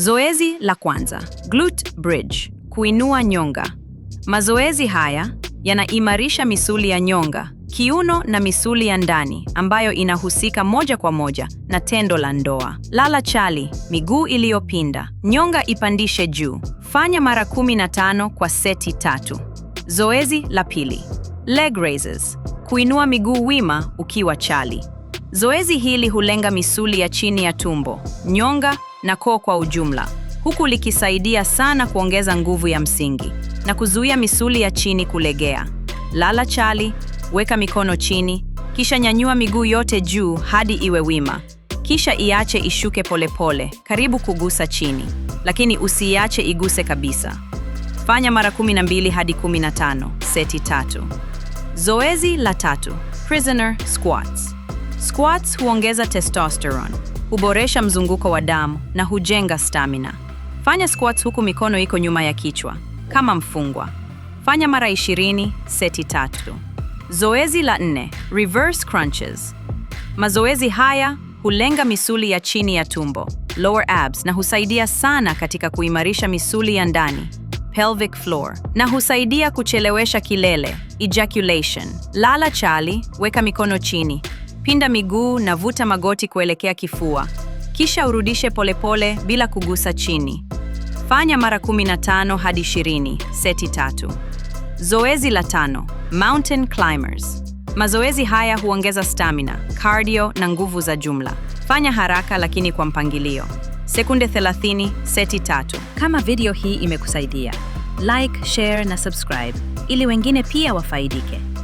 Zoezi la kwanza, glute bridge, kuinua nyonga. Mazoezi haya yanaimarisha misuli ya nyonga, kiuno na misuli ya ndani ambayo inahusika moja kwa moja na tendo la ndoa. Lala chali, miguu iliyopinda, nyonga ipandishe juu. Fanya mara 15 kwa seti tatu. Zoezi la pili, leg raises, kuinua miguu wima ukiwa chali. Zoezi hili hulenga misuli ya chini ya tumbo, nyonga na koo kwa ujumla, huku likisaidia sana kuongeza nguvu ya msingi na kuzuia misuli ya chini kulegea. Lala chali, weka mikono chini, kisha nyanyua miguu yote juu hadi iwe wima, kisha iache ishuke polepole pole, karibu kugusa chini, lakini usiiache iguse kabisa. Fanya mara 12 hadi 15, seti tatu. Zoezi la tatu: prisoner squats. Squats huongeza testosterone huboresha mzunguko wa damu na hujenga stamina. Fanya squats huku mikono iko nyuma ya kichwa kama mfungwa. Fanya mara 20 seti tatu. Zoezi la nne, reverse crunches. Mazoezi haya hulenga misuli ya chini ya tumbo, lower abs, na husaidia sana katika kuimarisha misuli ya ndani, pelvic floor, na husaidia kuchelewesha kilele, ejaculation. Lala chali, weka mikono chini, Pinda miguu na vuta magoti kuelekea kifua, kisha urudishe polepole pole bila kugusa chini. Fanya mara 15 hadi 20, seti tatu. Zoezi la tano, mountain climbers. Mazoezi haya huongeza stamina, cardio na nguvu za jumla. Fanya haraka lakini kwa mpangilio. Sekunde 30, seti tatu. Kama video hii imekusaidia, like, share na subscribe ili wengine pia wafaidike.